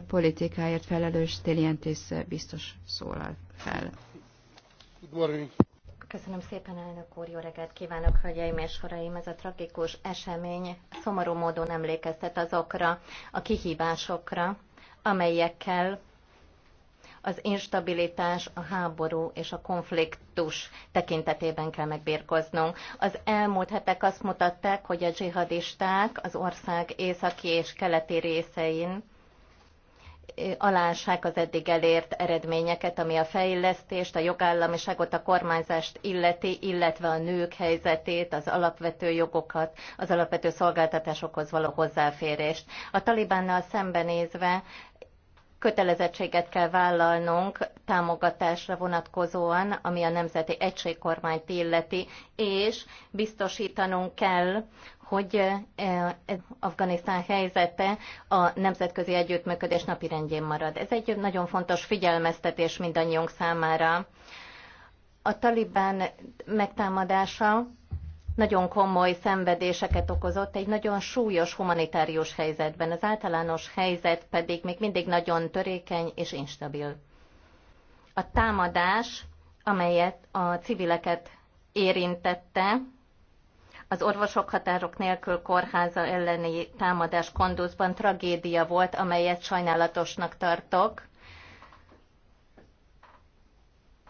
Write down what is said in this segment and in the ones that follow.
politikáért felelős Télientis biztos szólal fel. Köszönöm szépen, elnök úr, jó reggelt kívánok, hölgyeim és uraim! Ez a tragikus esemény szomorú módon emlékeztet azokra a kihívásokra, amelyekkel az instabilitás, a háború és a konfliktus tekintetében kell megbírkoznunk. Az elmúlt hetek azt mutatták, hogy a dzsihadisták az ország északi és keleti részein alássák az eddig elért eredményeket, ami a fejlesztést, a jogállamiságot, a kormányzást illeti, illetve a nők helyzetét, az alapvető jogokat, az alapvető szolgáltatásokhoz való hozzáférést. A talibánnal szembenézve kötelezettséget kell vállalnunk támogatásra vonatkozóan, ami a Nemzeti Egységkormányt illeti, és biztosítanunk kell, hogy e, e, Afganisztán helyzete a nemzetközi együttműködés napirendjén marad. Ez egy nagyon fontos figyelmeztetés mindannyiunk számára. A talibán megtámadása nagyon komoly szenvedéseket okozott egy nagyon súlyos humanitárius helyzetben. Az általános helyzet pedig még mindig nagyon törékeny és instabil. A támadás, amelyet a civileket érintette, az orvosok határok nélkül kórháza elleni támadás kondúzban tragédia volt, amelyet sajnálatosnak tartok.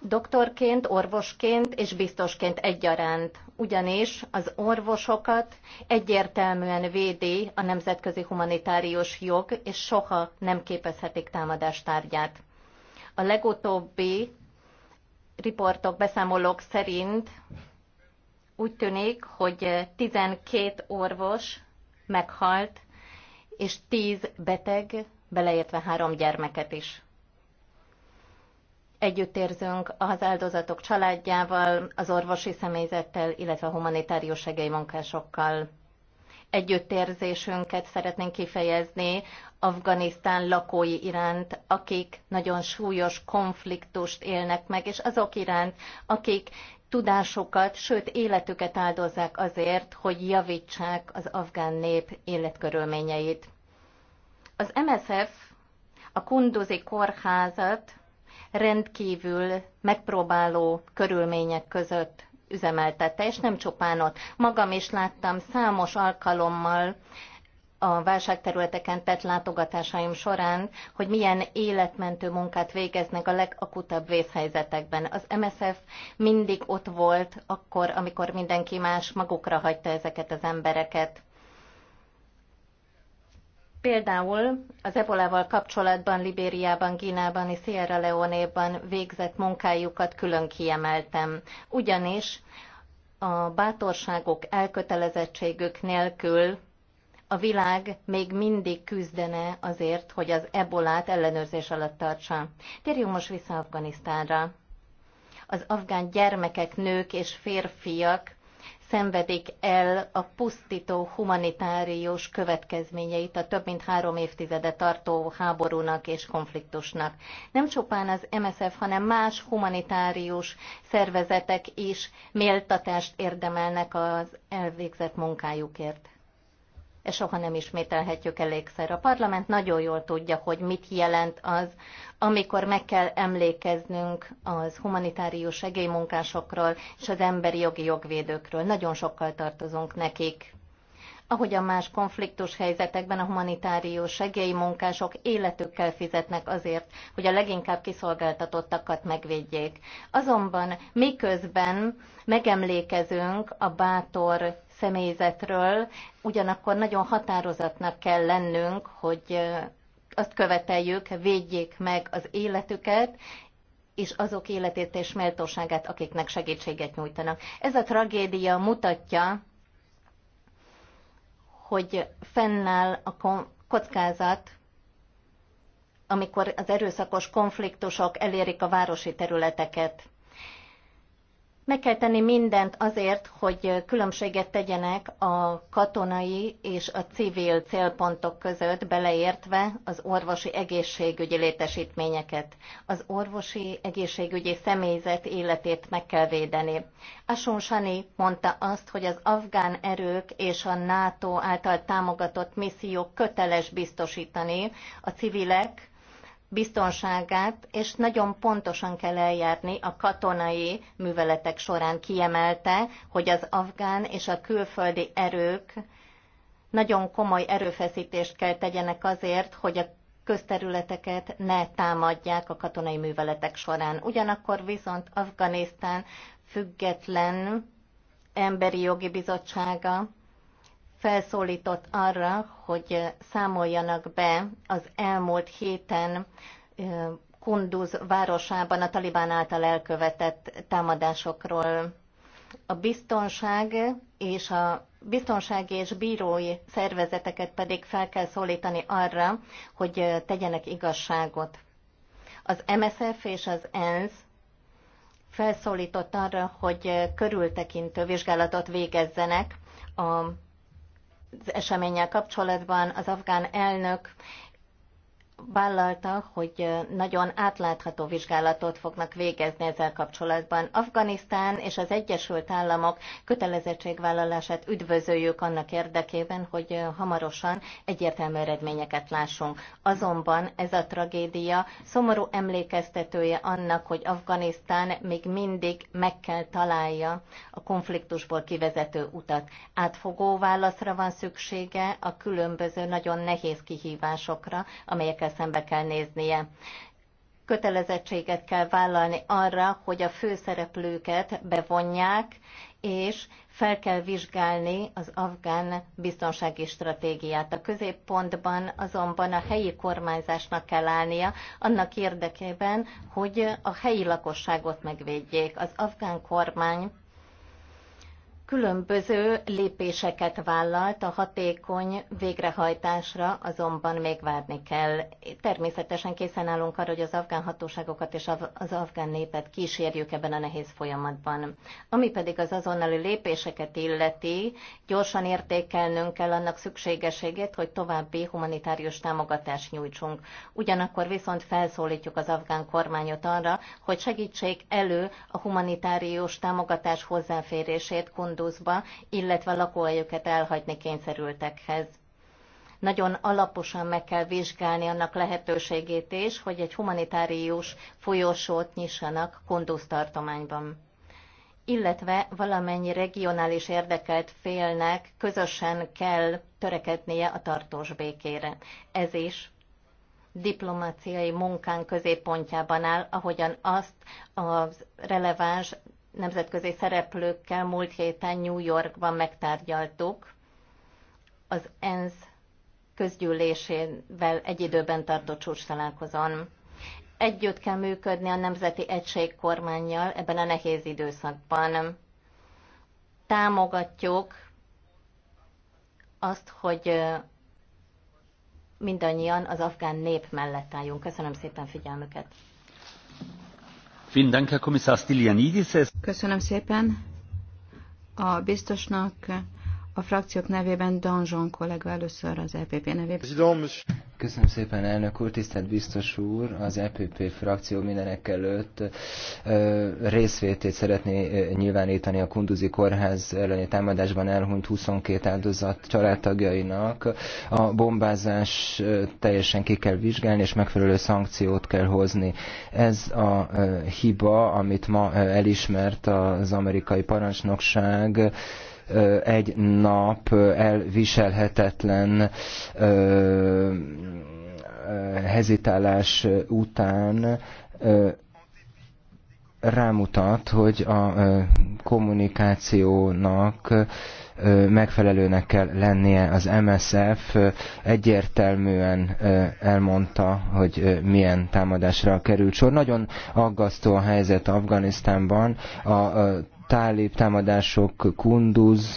Doktorként, orvosként és biztosként egyaránt ugyanis az orvosokat egyértelműen védi a nemzetközi humanitárius jog, és soha nem képezhetik támadást tárgyát. A legutóbbi riportok, beszámolók szerint úgy tűnik, hogy 12 orvos meghalt, és 10 beteg, beleértve három gyermeket is. Együttérzünk az áldozatok családjával, az orvosi személyzettel, illetve a humanitárius segélymunkásokkal. Együttérzésünket szeretnénk kifejezni Afganisztán lakói iránt, akik nagyon súlyos konfliktust élnek meg, és azok iránt, akik tudásokat, sőt életüket áldozzák azért, hogy javítsák az afgán nép életkörülményeit. Az MSF a Kunduzi kórházat rendkívül megpróbáló körülmények között üzemeltette, és nem csupán ott. Magam is láttam számos alkalommal a válságterületeken tett látogatásaim során, hogy milyen életmentő munkát végeznek a legakutabb vészhelyzetekben. Az MSF mindig ott volt akkor, amikor mindenki más magukra hagyta ezeket az embereket. Például az ebolával kapcsolatban Libériában, Gínában és Sierra Leone-ban végzett munkájukat külön kiemeltem. Ugyanis a bátorságok, elkötelezettségük nélkül a világ még mindig küzdene azért, hogy az ebolát ellenőrzés alatt tartsa. Térjünk most vissza Afganisztánra. Az afgán gyermekek, nők és férfiak szenvedik el a pusztító humanitárius következményeit a több mint három évtizede tartó háborúnak és konfliktusnak. Nem csupán az MSF, hanem más humanitárius szervezetek is méltatást érdemelnek az elvégzett munkájukért ezt soha nem ismételhetjük elégszer. A parlament nagyon jól tudja, hogy mit jelent az, amikor meg kell emlékeznünk az humanitárius segélymunkásokról és az emberi jogi jogvédőkről. Nagyon sokkal tartozunk nekik. Ahogy a más konfliktus helyzetekben a humanitárius segélymunkások életükkel fizetnek azért, hogy a leginkább kiszolgáltatottakat megvédjék. Azonban miközben megemlékezünk a bátor személyzetről, ugyanakkor nagyon határozatnak kell lennünk, hogy azt követeljük, védjék meg az életüket, és azok életét és méltóságát, akiknek segítséget nyújtanak. Ez a tragédia mutatja, hogy fennáll a kockázat, amikor az erőszakos konfliktusok elérik a városi területeket meg kell tenni mindent azért, hogy különbséget tegyenek a katonai és a civil célpontok között, beleértve az orvosi egészségügyi létesítményeket. Az orvosi egészségügyi személyzet életét meg kell védeni. Asun Shani mondta azt, hogy az afgán erők és a NATO által támogatott missziók köteles biztosítani a civilek, biztonságát, és nagyon pontosan kell eljárni a katonai műveletek során. Kiemelte, hogy az afgán és a külföldi erők nagyon komoly erőfeszítést kell tegyenek azért, hogy a közterületeket ne támadják a katonai műveletek során. Ugyanakkor viszont Afganisztán független emberi jogi bizottsága felszólított arra, hogy számoljanak be az elmúlt héten Kunduz városában a talibán által elkövetett támadásokról. A biztonság és a biztonsági és bírói szervezeteket pedig fel kell szólítani arra, hogy tegyenek igazságot. Az MSF és az ENSZ felszólított arra, hogy körültekintő vizsgálatot végezzenek a eseménnyel kapcsolatban az afgán elnök vállalta, hogy nagyon átlátható vizsgálatot fognak végezni ezzel kapcsolatban. Afganisztán és az Egyesült Államok kötelezettségvállalását üdvözöljük annak érdekében, hogy hamarosan egyértelmű eredményeket lássunk. Azonban ez a tragédia szomorú emlékeztetője annak, hogy Afganisztán még mindig meg kell találja a konfliktusból kivezető utat. Átfogó válaszra van szüksége a különböző nagyon nehéz kihívásokra, amelyekkel szembe kell néznie. Kötelezettséget kell vállalni arra, hogy a főszereplőket bevonják, és fel kell vizsgálni az afgán biztonsági stratégiát. A középpontban azonban a helyi kormányzásnak kell állnia annak érdekében, hogy a helyi lakosságot megvédjék. Az afgán kormány Különböző lépéseket vállalt a hatékony végrehajtásra, azonban még várni kell. Természetesen készen állunk arra, hogy az afgán hatóságokat és az afgán népet kísérjük ebben a nehéz folyamatban. Ami pedig az azonnali lépéseket illeti, gyorsan értékelnünk kell annak szükségességét, hogy további humanitárius támogatást nyújtsunk. Ugyanakkor viszont felszólítjuk az afgán kormányot arra, hogy segítsék elő a humanitárius támogatás hozzáférését, kondu himnuszba, illetve lakóhelyüket elhagyni kényszerültekhez. Nagyon alaposan meg kell vizsgálni annak lehetőségét is, hogy egy humanitárius folyosót nyissanak Kondusz tartományban illetve valamennyi regionális érdekelt félnek közösen kell törekednie a tartós békére. Ez is diplomáciai munkán középpontjában áll, ahogyan azt a releváns nemzetközi szereplőkkel múlt héten New Yorkban megtárgyaltuk az ENSZ közgyűlésével egy időben tartott csúcs találkozón. Együtt kell működni a Nemzeti Egység kormányjal ebben a nehéz időszakban. Támogatjuk azt, hogy mindannyian az afgán nép mellett álljunk. Köszönöm szépen figyelmüket! Köszönöm szépen a biztosnak, a frakciók nevében Danzson kollega először az EPP nevében. Köszönöm szépen, elnök úr, tisztelt biztos úr, az EPP frakció mindenek előtt részvétét szeretné nyilvánítani a Kunduzi Kórház elleni támadásban elhunyt 22 áldozat családtagjainak. A bombázás teljesen ki kell vizsgálni, és megfelelő szankciót kell hozni. Ez a hiba, amit ma elismert az amerikai parancsnokság, egy nap elviselhetetlen hezitálás után rámutat, hogy a kommunikációnak megfelelőnek kell lennie. Az MSF egyértelműen elmondta, hogy milyen támadásra került sor. Nagyon aggasztó a helyzet Afganisztánban. A tálib támadások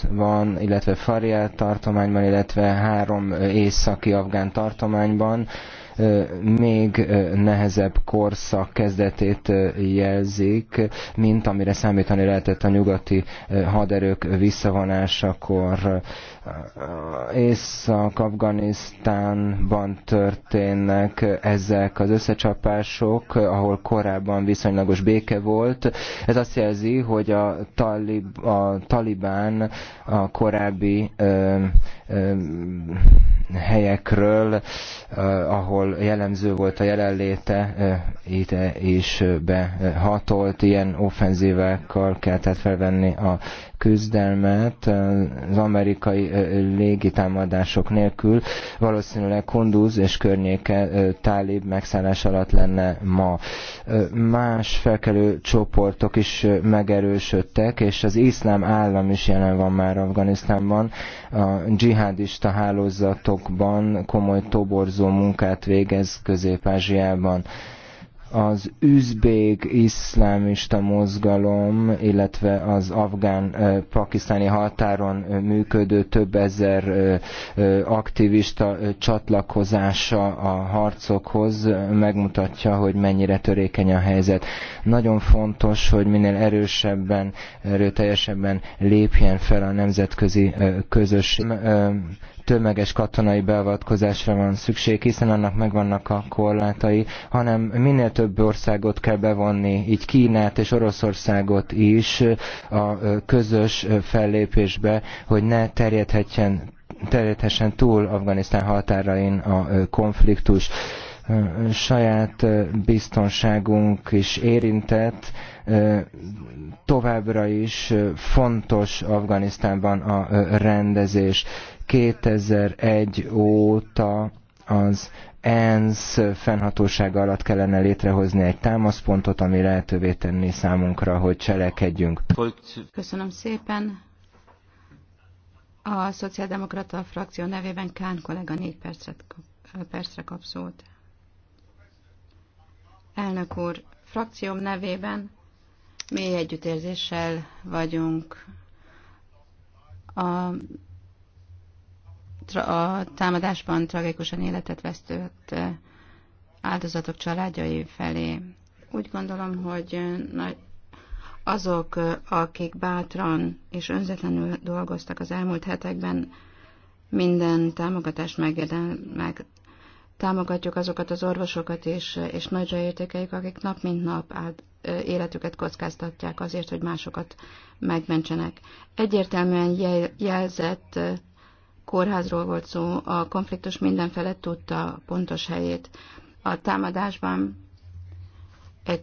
van, illetve faria tartományban, illetve három északi afgán tartományban még nehezebb korszak kezdetét jelzik, mint amire számítani lehetett a nyugati haderők visszavonásakor. Észak-Afganisztánban történnek ezek az összecsapások, ahol korábban viszonylagos béke volt. Ez azt jelzi, hogy a, talib, a talibán a korábbi ö, ö, helyekről, ö, ahol jellemző volt a jelenléte, ö, ide is behatolt. Ilyen offenzívákkal kell tehát felvenni a küzdelmet az amerikai légitámadások nélkül, valószínűleg Kunduz és környéke tálib megszállás alatt lenne ma. Más felkelő csoportok is megerősödtek, és az iszlám állam is jelen van már Afganisztánban. A dzsihádista hálózatokban komoly toborzó munkát végez Közép-Ázsiában az üzbék iszlámista mozgalom, illetve az afgán-pakisztáni határon működő több ezer aktivista csatlakozása a harcokhoz megmutatja, hogy mennyire törékeny a helyzet. Nagyon fontos, hogy minél erősebben, erőteljesebben lépjen fel a nemzetközi közösség tömeges katonai beavatkozásra van szükség, hiszen annak megvannak a korlátai, hanem minél több országot kell bevonni, így Kínát és Oroszországot is a közös fellépésbe, hogy ne terjedhetjen, terjedhessen túl Afganisztán határain a konfliktus saját biztonságunk is érintett, továbbra is fontos Afganisztánban a rendezés. 2001 óta az ENSZ fennhatósága alatt kellene létrehozni egy támaszpontot, ami lehetővé tenni számunkra, hogy cselekedjünk. Köszönöm szépen. A Szociáldemokrata frakció nevében Kán kollega négy percet, percre kap szót. Elnök úr, frakcióm nevében mi együttérzéssel vagyunk a a támadásban tragikusan életet vesztőt áldozatok családjai felé. Úgy gondolom, hogy nagy, azok, akik bátran és önzetlenül dolgoztak az elmúlt hetekben, minden támogatást meg támogatjuk azokat az orvosokat is, és nagyra értékeljük, akik nap mint nap át, életüket kockáztatják azért, hogy másokat megmentsenek. Egyértelműen jelzett kórházról volt szó, a konfliktus mindenfele tudta pontos helyét. A támadásban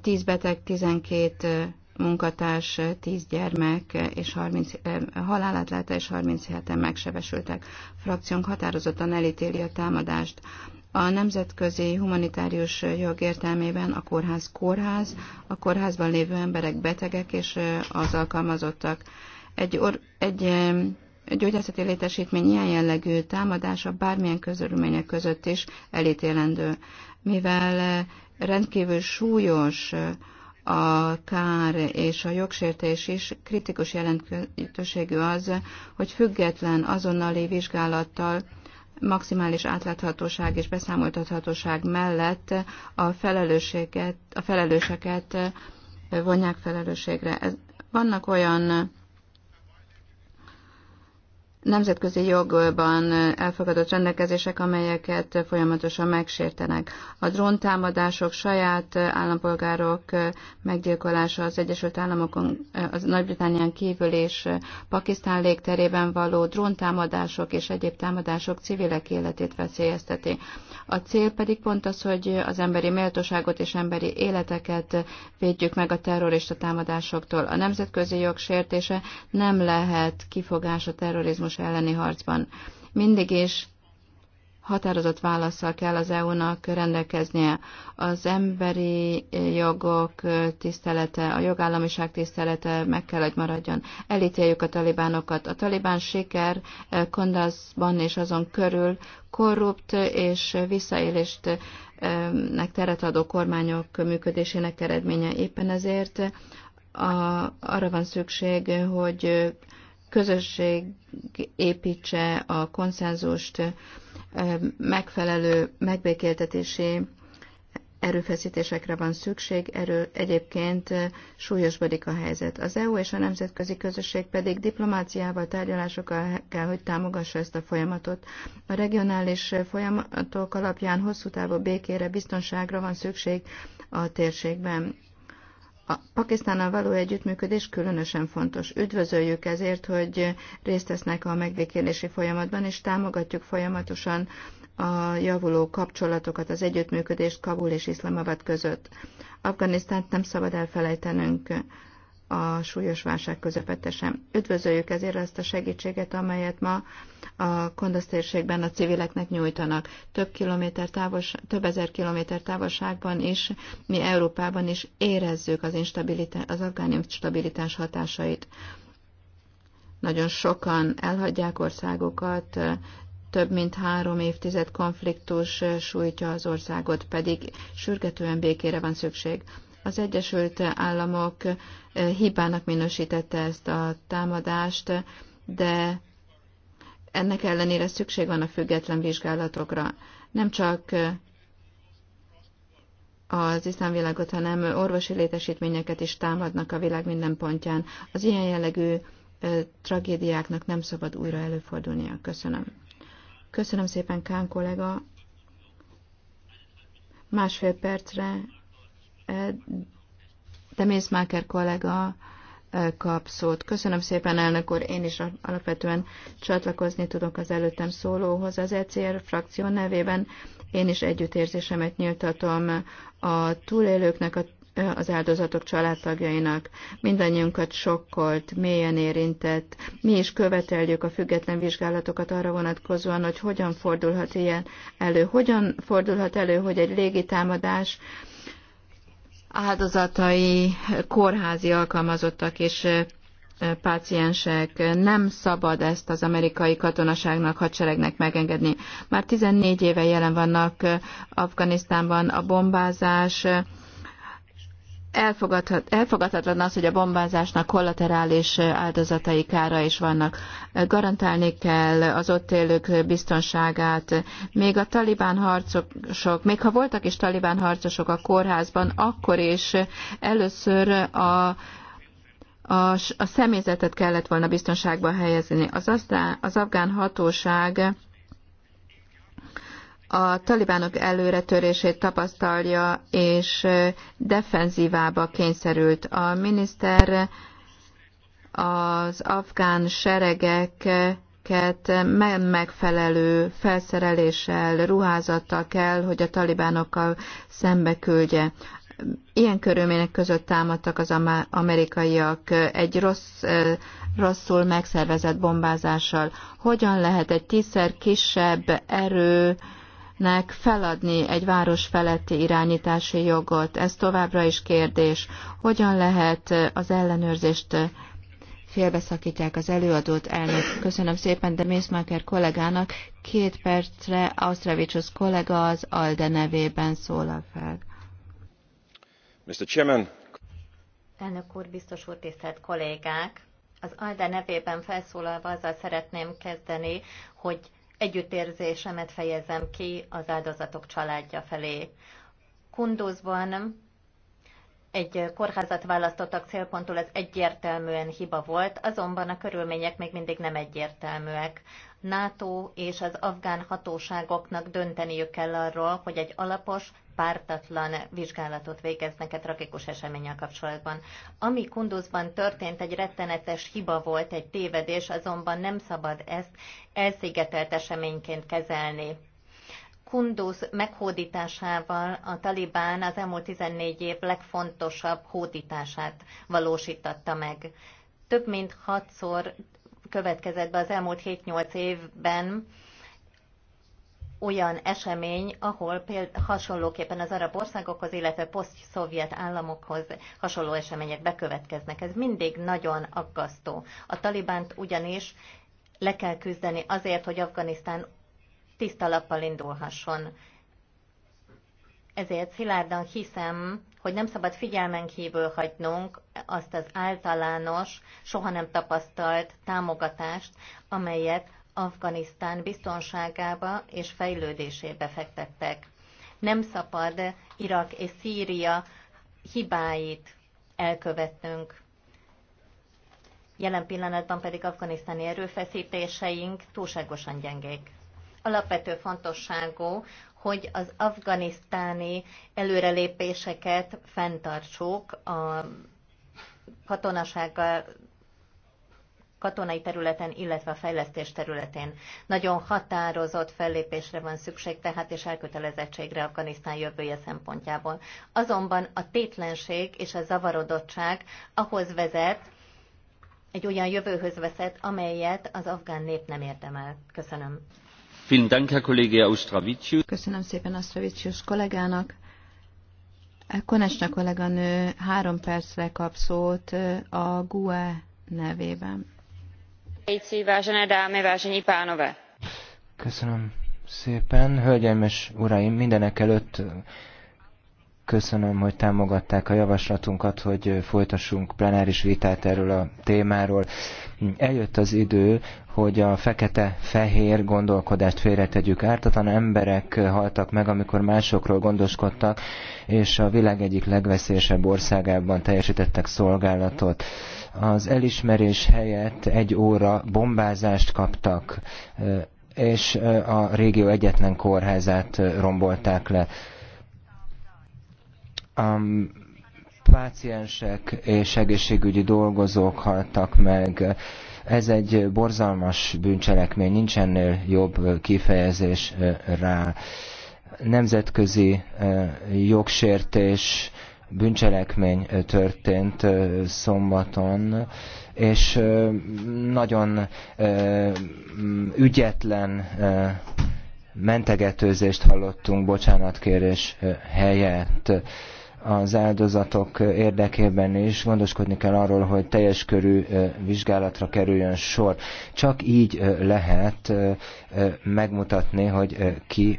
10 beteg, 12 munkatárs, 10 gyermek és 30, halálát látta, és 37-en megsebesültek. A frakciónk határozottan elítéli a támadást. A nemzetközi humanitárius jog értelmében a kórház kórház, a kórházban lévő emberek betegek és az alkalmazottak. Egy, or, egy gyógyászati létesítmény ilyen jellegű támadása bármilyen közörülmények között is elítélendő, mivel rendkívül súlyos a kár és a jogsértés is kritikus jelentőségű az, hogy független azonnali vizsgálattal maximális átláthatóság és beszámoltathatóság mellett a, felelősséget, a felelőseket vonják felelősségre. Ez, vannak olyan nemzetközi jogban elfogadott rendelkezések, amelyeket folyamatosan megsértenek. A dróntámadások, saját állampolgárok meggyilkolása az Egyesült Államokon, az Nagy-Británián kívül és Pakisztán légterében való dróntámadások és egyéb támadások civilek életét veszélyezteti. A cél pedig pont az, hogy az emberi méltóságot és emberi életeket védjük meg a terrorista támadásoktól. A nemzetközi jog sértése nem lehet kifogás a terrorizmus elleni harcban. Mindig is határozott válaszsal kell az EU-nak rendelkeznie. Az emberi jogok tisztelete, a jogállamiság tisztelete meg kell, hogy maradjon. Elítéljük a talibánokat. A talibán siker eh, Kondaszban és azon körül korrupt és visszaélést eh, teret adó kormányok működésének eredménye. Éppen ezért eh, a, arra van szükség, hogy közösség építse a konszenzust megfelelő megbékéltetési erőfeszítésekre van szükség, erő, egyébként súlyosbodik a helyzet. Az EU és a nemzetközi közösség pedig diplomáciával, tárgyalásokkal kell, hogy támogassa ezt a folyamatot. A regionális folyamatok alapján hosszú távú békére, biztonságra van szükség a térségben. A Pakisztánnal való együttműködés különösen fontos. Üdvözöljük ezért, hogy részt vesznek a megbékélési folyamatban, és támogatjuk folyamatosan a javuló kapcsolatokat, az együttműködést Kabul és Iszlamabad között. Afganisztánt nem szabad elfelejtenünk a súlyos válság közepette sem. Üdvözöljük ezért ezt a segítséget, amelyet ma a Kondasz térségben a civileknek nyújtanak. Több, kilométer távos, több ezer kilométer távolságban is, mi Európában is érezzük az, instabilitás, az afgán instabilitás hatásait. Nagyon sokan elhagyják országokat, több mint három évtized konfliktus sújtja az országot, pedig sürgetően békére van szükség. Az Egyesült Államok eh, hibának minősítette ezt a támadást, de ennek ellenére szükség van a független vizsgálatokra. Nem csak eh, az iszlámvilágot, hanem orvosi létesítményeket is támadnak a világ minden pontján. Az ilyen jellegű eh, tragédiáknak nem szabad újra előfordulnia. Köszönöm. Köszönöm szépen, Kán kollega. Másfél percre de Mészmáker kollega kap szót. Köszönöm szépen, elnök úr. Én is alapvetően csatlakozni tudok az előttem szólóhoz. Az ECR frakció nevében én is együttérzésemet nyíltatom a túlélőknek, a az áldozatok családtagjainak. Mindannyiunkat sokkolt, mélyen érintett. Mi is követeljük a független vizsgálatokat arra vonatkozóan, hogy hogyan fordulhat ilyen elő. Hogyan fordulhat elő, hogy egy légitámadás támadás áldozatai, kórházi alkalmazottak és páciensek. Nem szabad ezt az amerikai katonaságnak, hadseregnek megengedni. Már 14 éve jelen vannak Afganisztánban a bombázás, elfogadhatatlan az, hogy a bombázásnak kollaterális áldozatai kára is vannak. Garantálni kell az ott élők biztonságát. Még a talibán harcosok, még ha voltak is talibán harcosok a kórházban, akkor is először a a, a személyzetet kellett volna biztonságba helyezni. Az, aztán, az afgán hatóság a talibánok előretörését tapasztalja, és defenzívába kényszerült. A miniszter az afgán seregeket nem megfelelő felszereléssel, ruházattal kell, hogy a talibánokkal szembe küldje. Ilyen körülmények között támadtak az amerikaiak egy rossz, rosszul megszervezett bombázással. Hogyan lehet egy tízszer kisebb erő, nek feladni egy város feletti irányítási jogot. Ez továbbra is kérdés. Hogyan lehet az ellenőrzést félbeszakítják az előadót elnök. Köszönöm szépen, de Mészmaker kollégának két percre Ausztravicsus kollega az ALDE nevében szólal fel. Mr. Chairman. Elnök úr, biztos úr, tisztelt kollégák! Az ALDE nevében felszólalva azzal szeretném kezdeni, hogy együttérzésemet fejezem ki az áldozatok családja felé. Kunduzban egy kórházat választottak célpontul, ez egyértelműen hiba volt, azonban a körülmények még mindig nem egyértelműek. NATO és az afgán hatóságoknak dönteniük kell arról, hogy egy alapos, pártatlan vizsgálatot végeznek egy tragikus eseménnyel kapcsolatban. Ami Kunduzban történt, egy rettenetes hiba volt, egy tévedés, azonban nem szabad ezt elszigetelt eseményként kezelni. Kunduz meghódításával a Talibán az elmúlt 14 év legfontosabb hódítását valósítatta meg. Több mint hatszor következett be az elmúlt 7-8 évben olyan esemény, ahol például hasonlóképpen az arab országokhoz, illetve poszt-szovjet államokhoz hasonló események bekövetkeznek. Ez mindig nagyon aggasztó. A talibánt ugyanis le kell küzdeni azért, hogy Afganisztán tiszta lappal indulhasson. Ezért szilárdan hiszem, hogy nem szabad figyelmen kívül hagynunk azt az általános, soha nem tapasztalt támogatást, amelyet Afganisztán biztonságába és fejlődésébe fektettek. Nem szabad Irak és Szíria hibáit elkövetnünk. Jelen pillanatban pedig afganisztáni erőfeszítéseink túlságosan gyengék. Alapvető fontosságú, hogy az afganisztáni előrelépéseket fenntartsuk a katonasággal katonai területen, illetve a fejlesztés területén. Nagyon határozott fellépésre van szükség, tehát és elkötelezettségre Afganisztán jövője szempontjából. Azonban a tétlenség és a zavarodottság ahhoz vezet, egy olyan jövőhöz vezet, amelyet az afgán nép nem érdemel. Köszönöm. Köszönöm szépen Astravicius kollégának. Konesna kolléganő három percre kap szót a GUE nevében. Köszönöm szépen, hölgyeim és uraim, mindenekelőtt. Köszönöm, hogy támogatták a javaslatunkat, hogy folytassunk plenáris vitát erről a témáról. Eljött az idő, hogy a fekete-fehér gondolkodást félretegyük. Ártatlan emberek haltak meg, amikor másokról gondoskodtak, és a világ egyik legveszélyesebb országában teljesítettek szolgálatot. Az elismerés helyett egy óra bombázást kaptak, és a régió egyetlen kórházát rombolták le. A páciensek és egészségügyi dolgozók haltak meg. Ez egy borzalmas bűncselekmény, nincs ennél jobb kifejezés rá. Nemzetközi jogsértés, bűncselekmény történt szombaton, és nagyon ügyetlen mentegetőzést hallottunk bocsánatkérés helyett az áldozatok érdekében is gondoskodni kell arról, hogy teljes körű vizsgálatra kerüljön sor. Csak így lehet megmutatni, hogy ki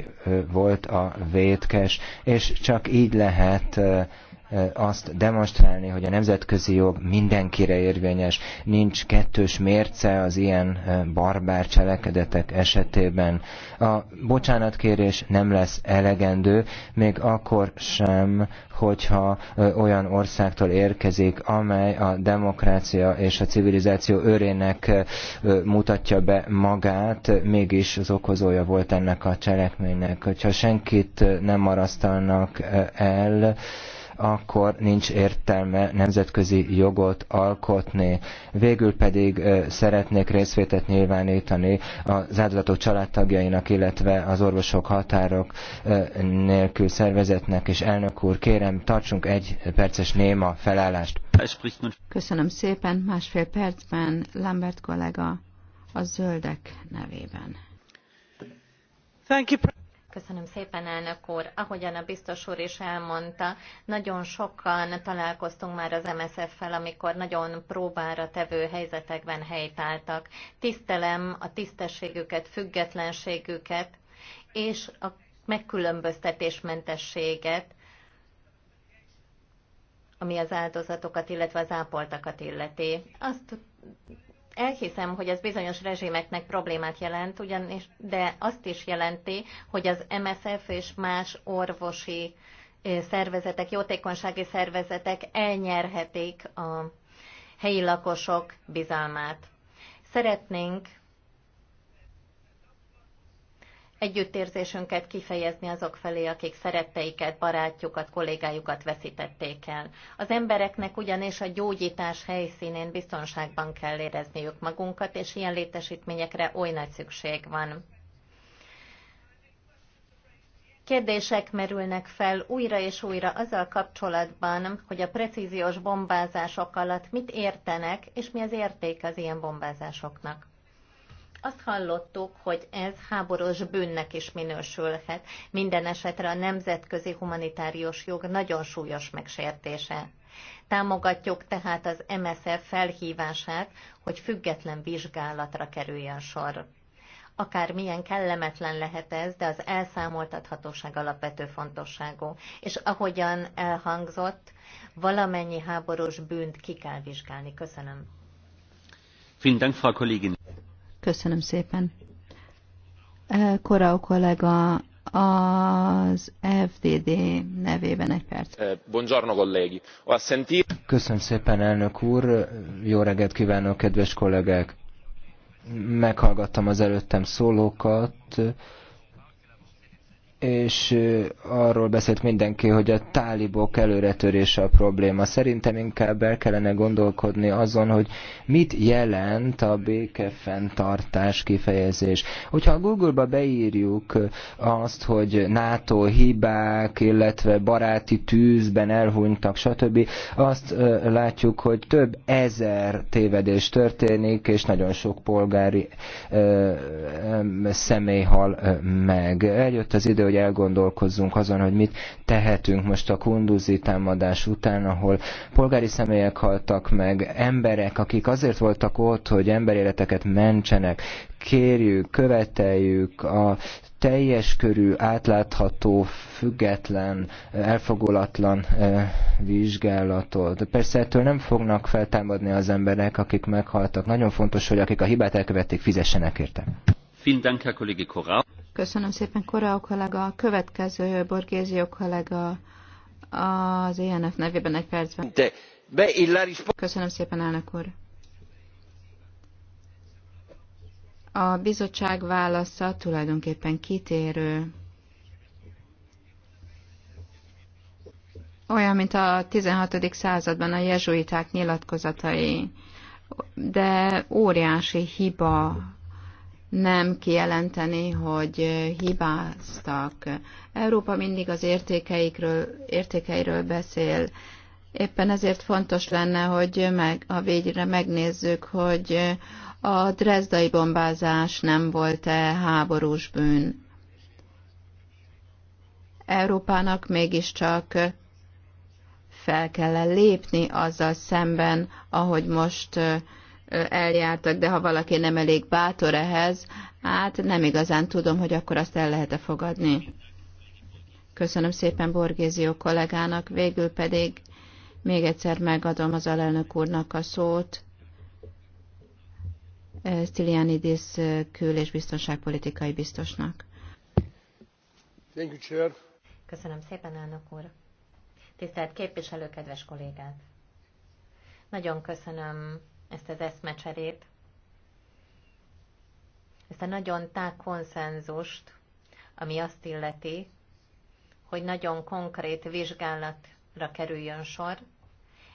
volt a vétkes, és csak így lehet azt demonstrálni, hogy a nemzetközi jog mindenkire érvényes, nincs kettős mérce az ilyen barbár cselekedetek esetében. A bocsánatkérés nem lesz elegendő, még akkor sem, hogyha olyan országtól érkezik, amely a demokrácia és a civilizáció őrének mutatja be magát, mégis az okozója volt ennek a cselekménynek. Hogyha senkit nem marasztalnak el, akkor nincs értelme nemzetközi jogot alkotni. Végül pedig szeretnék részvétet nyilvánítani az áldozatok családtagjainak, illetve az orvosok határok nélkül szervezetnek, és elnök úr, kérem, tartsunk egy perces néma felállást. Köszönöm szépen, másfél percben Lambert kollega a zöldek nevében. Thank you. Köszönöm szépen, elnök úr. Ahogyan a biztos úr is elmondta, nagyon sokan találkoztunk már az MSZF-fel, amikor nagyon próbára tevő helyzetekben helytáltak. Tisztelem a tisztességüket, függetlenségüket és a megkülönböztetésmentességet, ami az áldozatokat, illetve az ápoltakat illeti. Azt elhiszem, hogy ez bizonyos rezsimeknek problémát jelent, ugyanis, de azt is jelenti, hogy az MSF és más orvosi szervezetek, jótékonysági szervezetek elnyerhetik a helyi lakosok bizalmát. Szeretnénk együttérzésünket kifejezni azok felé, akik szeretteiket, barátjukat, kollégájukat veszítették el. Az embereknek ugyanis a gyógyítás helyszínén biztonságban kell érezniük magunkat, és ilyen létesítményekre oly nagy szükség van. Kérdések merülnek fel újra és újra azzal kapcsolatban, hogy a precíziós bombázások alatt mit értenek, és mi az érték az ilyen bombázásoknak. Azt hallottuk, hogy ez háborús bűnnek is minősülhet. Minden esetre a nemzetközi humanitárius jog nagyon súlyos megsértése. Támogatjuk tehát az MSZF felhívását, hogy független vizsgálatra kerüljön sor. Akár milyen kellemetlen lehet ez, de az elszámoltathatóság alapvető fontosságú. És ahogyan elhangzott, valamennyi háborús bűnt ki kell vizsgálni. Köszönöm. Vielen Dank, Frau Kollegin. Köszönöm szépen. Korau kollega az FDD nevében egy perc. Buongiorno, colleghi. Köszönöm szépen, elnök úr. Jó reggelt kívánok, kedves kollégák. Meghallgattam az előttem szólókat és arról beszélt mindenki, hogy a tálibok előretörése a probléma. Szerintem inkább el kellene gondolkodni azon, hogy mit jelent a békefenntartás kifejezés. Hogyha a Google-ba beírjuk azt, hogy NATO hibák, illetve baráti tűzben elhunytak, stb., azt látjuk, hogy több ezer tévedés történik, és nagyon sok polgári személy hal meg. Eljött az idő, hogy hogy elgondolkozzunk azon, hogy mit tehetünk most a kunduzi támadás után, ahol polgári személyek haltak meg, emberek, akik azért voltak ott, hogy emberéleteket mentsenek, kérjük, követeljük a teljes körű, átlátható, független, elfogulatlan eh, vizsgálatot. Persze ettől nem fognak feltámadni az emberek, akik meghaltak. Nagyon fontos, hogy akik a hibát elkövették, fizessenek érte. Köszönöm szépen, Korao kollega. A következő Borgézió kollega az INF e nevében egy percben. Köszönöm szépen, elnök úr. A bizottság válasza tulajdonképpen kitérő. Olyan, mint a 16. században a jezsuiták nyilatkozatai, de óriási hiba nem kijelenteni, hogy hibáztak. Európa mindig az értékeikről, értékeiről beszél. Éppen ezért fontos lenne, hogy meg, a végre megnézzük, hogy a drezdai bombázás nem volt-e háborús bűn. Európának mégiscsak fel kell lépni azzal szemben, ahogy most eljártak, de ha valaki nem elég bátor ehhez, hát nem igazán tudom, hogy akkor azt el lehet-e fogadni. Köszönöm szépen Borgézió kollégának, végül pedig még egyszer megadom az alelnök úrnak a szót. Stylianidis kül- és biztonságpolitikai biztosnak. Thank you, Chair. Köszönöm szépen, elnök úr. Tisztelt képviselő, kedves kollégák! Nagyon köszönöm ezt az eszmecserét, ezt a nagyon tág konszenzust, ami azt illeti, hogy nagyon konkrét vizsgálatra kerüljön sor,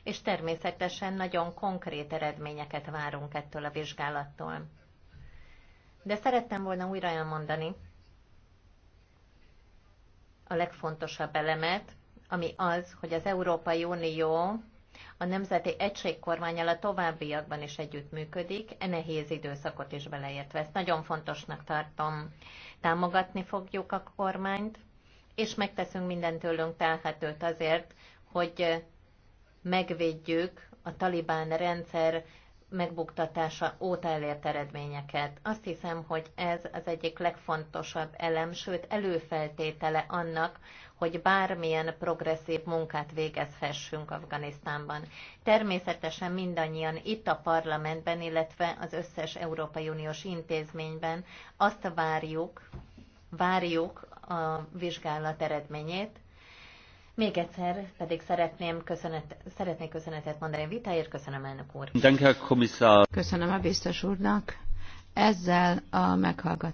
és természetesen nagyon konkrét eredményeket várunk ettől a vizsgálattól. De szerettem volna újra elmondani a legfontosabb elemet, ami az, hogy az Európai Unió a Nemzeti Egységkormányal a továbbiakban is együttműködik, e nehéz időszakot is beleértve. Ezt nagyon fontosnak tartom. Támogatni fogjuk a kormányt, és megteszünk mindent telhetőt azért, hogy megvédjük a talibán rendszer megbuktatása óta elért eredményeket. Azt hiszem, hogy ez az egyik legfontosabb elem, sőt előfeltétele annak, hogy bármilyen progresszív munkát végezhessünk Afganisztánban. Természetesen mindannyian itt a parlamentben, illetve az összes Európai Uniós intézményben azt várjuk, várjuk a vizsgálat eredményét, még egyszer pedig szeretném köszönet, szeretnék köszönetet mondani vitáért. Köszönöm, elnök úr. Köszönöm a biztos úrnak. Ezzel a meghallgat